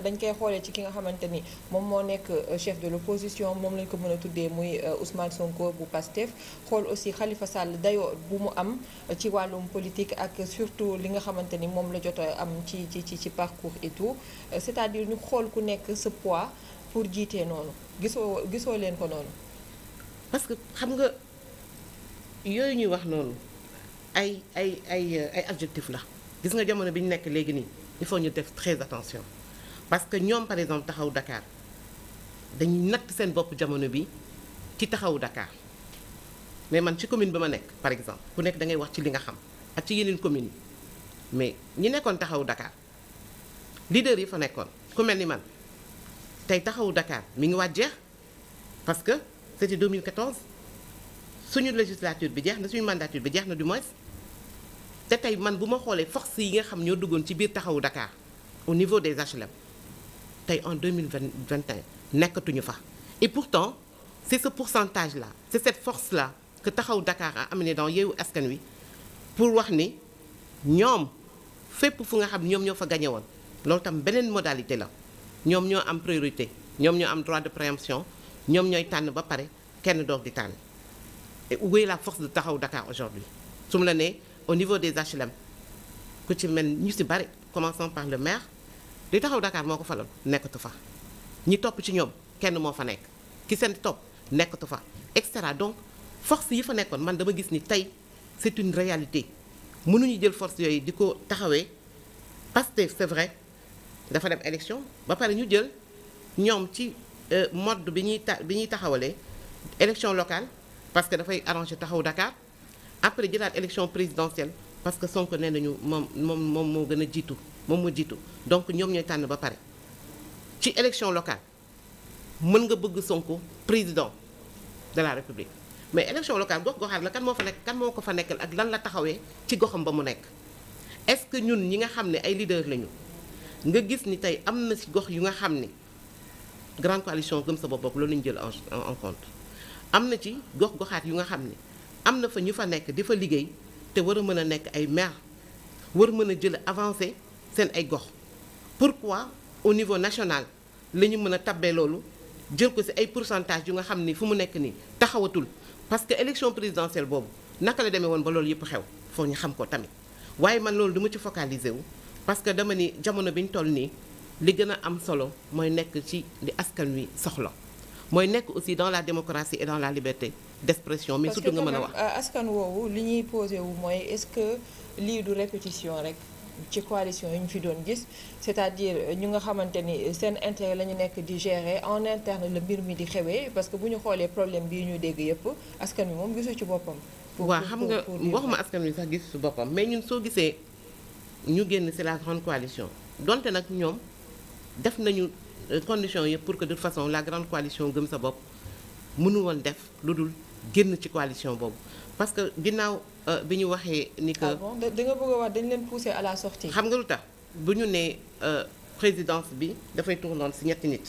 dañ koy xoolee ci ki nga xamante ni moom moo nekk euh, chef de l'opposition moom lañ ko mën a tuddee muy euh, Ousmane Sonko bu Pastef xool aussi Khalifa Sall dayoo bu mu am euh, ci wàllum politique ak surtout li nga xamante ni moom la jot a am ci ci ci parcours et tout c'est-à-dire ñu xool ku nekk sa poids pour jiitee noonu gisoo gisoo leen ko noonu. parce que xam nga yooyu ñuy wax noonu ay ay ay ay adjectif la gis nga jamono bi ñu nekk léegi nii il faut ñu def très attention. parce que ñoom par exemple taxaw dakaar dañuy natt seen bopp jamono bi ci taxaw dakaar mais man ci commune ba ma nekk par exemple ku nekk da ngay wax ci li nga xam ak ci yeneen commune mais ñi nekkoon taxaw dakaar leader yi fa nekkoon ku mel ni man tey taxawu dakaar mi ngi waaj jeex parce que c'était 2014 suñu législature bi jeex na suñu mandature bi jeex na du moins te tey man bu ma xoolee force yi nga xam ñoo duggoon ci biir taxawu Dakar au niveau des HLM tey en 2021 nekkatuñu fa et pourtant c'est ce pourcentage la c'est cette force là que taxaw Dakar a amené dans Yewwi Askan Wi pour wax ni ñoom fépp fu nga xam ñoom ñoo fa gagné woon loolu tam beneen modalité la ñoom ñoo am priorité ñoom ñoo am droit de préemption ñoom ñooy tànn ba pare kenn doog di tànn et où la force de taxaw Dakar aujourd'hui su mu la nee au niveau des HLM ku ci mel ñu si bari commençant par le maire li taxaw Dakar moo ko faloon nekkatu fa ñi topp ci ñoom kenn moo fa nekk ki seen topp nekkatu fa et cetera donc force yi fa nekkoon man dama gis ni tey c'est une réalité mënuñu jël force yooyu di ko taxawee Pastef c'est vrai dafa dem élection ba pare ñu jël ñoom ci euh, mode bi ñuy ta bi ñuy taxawalee élection locale parce que dafay arranger taxaw Dakar après jëlaat élection présidentielle parce que Sonko nee nañu moom moom moom moo gën a jiitu moom moo jiitu donc ñoom ñooy tànn ba pare ci élection locale mën nga bëgg Sonko président de la République mais élection locale gox goxaat la kan moo fa nekk kan moo ko fa nekkal ak lan la taxawee ci goxam ba mu nekk est-ce que ñun ñi nga xam ne ay leader lañu nga gis ni tey am na ci gox yu nga xam ni grande coalition gëm sa bopp boobu loolu lañu jël en compte am na ci gox goxaat yu nga xam ni am na fa ñu fa nekk di fa liggéey te war a mën a nekk ay maire war mën a jël avancé seen ay gox pour pourquoi au niveau national la ñu mën a tabbee loolu jël ko ci ay pourcentage yu nga xam ni fu mu nekk nii taxawatul parce que élection présidentielle boobu naka la demee woon ba loolu yëpp xew foog ñu xam ko tamit waaye man loolu duma ci focaliser wu parce que dama ni jamono bi ñu toll nii li gën a am solo mooy nekk ci li askan wi soxla mooy nekk aussi dans la démocratie et dans la liberté d'expression mais surtout nga mën a wax euh, askan woowu li ñuy posé wu mooy est-ce que lii du répétition rek ci coalition yi ñu fi doon gis c'est-à-dire euh, ñu nga xamante ni euh, seen intérêt la ñu nekk di gérer en interne la mbir mi di xewee parce que bu ñu xoolee problème bi ñu dégg yëpp askan bi moom gisu ci boppam. waaw xam nga waxuma askan wi sax gisu ci boppam mais ñun soo gisee ñu génn ci la grande coalition donte nag ñoom def nañu euh, condition yëpp pour que de façon la grande coalition gëm sa bopp munu woon def lu dul génn ci coalition boobu parce ginnaaw. Euh, bi ñu waxee ni que. Ah bon da bëgg a wax dañ leen pousser à la sortie. xam nga lu tax bu ñu nee euh, présidence bi dafay tournoon ci ñetti nit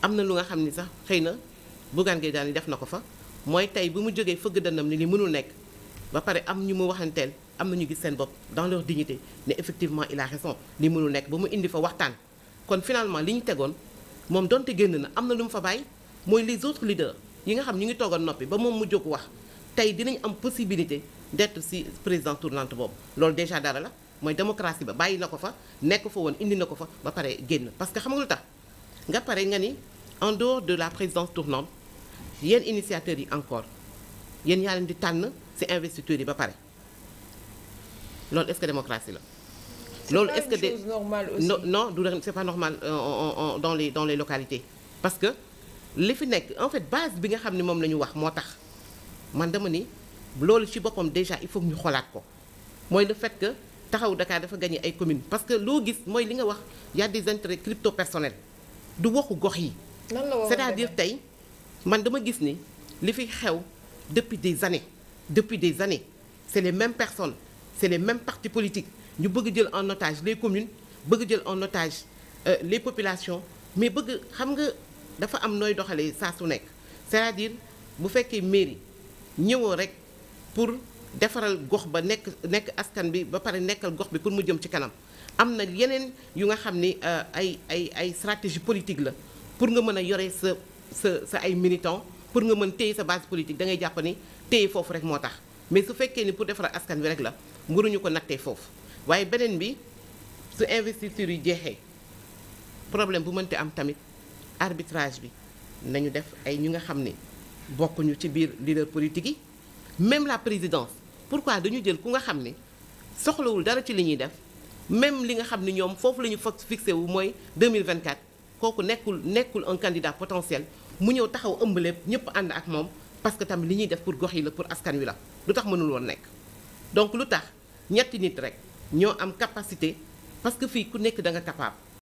am na lu nga xam ni sax xëy na Bougane Gueye Dany def na ko fa mooy tey bu mu jógee fëgg dënnam ni li mënul nekk ba pare am ñu mu waxanteel am na ñu gis seen bopp dans leur dignité ne effectivement il a raison li mënul nekk ba mu indi fa waxtaan. kon finalement li ñu tegoon moom donte génn na am na lu mu fa bàyyi mooy les autres leaders yi nga xam ñu ngi toogoon noppi ba moom mu jóg wax. tey dinañ am possibilité d'être ci président tournante boobu loolu déjà dara la mooy démocratie ba bàyyi na ko fa nekk fa woon indi na ko fa ba pare génn parce que xam nga tax nga pare nga ni en dehors de la présidence tournante yéen initiateurs yi encore yéen yaa leen di tànn ci investiture yi ba pare loolu est-ce que démocratie la. loolu est-ce que des non non du c'est pas normal euh, dans les dans les localité parce que li fi nekk en fait base bi nga xam ne moom la ñu wax moo tax. man dama ni loolu ci boppam déjà il faut ñu xoolaat ko mooy le fait que taxaw Dakar dafa gagné ay communes parce que loo gis mooy li nga wax y a des intérêts crypto personnels du waxu gox yi. c'est-à-dire tey man dama gis ni li fi xew depuis des années depuis des années c'est les mêmes personnes c'est les mêmes partis politiques ñu bëgg jël en otage communes bëgg jël en otage euh, les populations mais bëgg xam nga dafa am nooy doxalee saa su nekk cest bu fekkee mairie. ñëwoo rek pour defaral gox ba nekk nekk askan bi ba pare nekkal gox bi pour mu jëm ci kanam am na yeneen yu nga xam ni euh, ay ay ay stratégie politique la pour nga mën a yore sa sa sa ay militants pour nga mën téye sa base politique da ngay jàpp ni téye foofu rek moo tax mais su fekkee ni pour defaral askan bi rek la mënuñu ko nattee foofu waaye beneen bi su investiture yi jeexee problème bu mënti am tamit arbitrage bi nañu def ay ñu nga xam ni bokkuñu ci biir leader politique yi même la présidence pourquoi dañu jël ku nga xam ne soxlawul dara ci li ñuy def même li nga xam ni ñoom foofu la ñu fa wu mooy 2024 kooku nekkul nekkul en candidat potentiel mu ñëw taxaw ëmb lépp ñëpp ànd ak moom parce que tamit li ñuy def pour gox yi la pour askan wi la lu tax mënul woon nekk donc lu tax ñetti nit rek ñoo am capacité parce que fii ku nekk da nga capable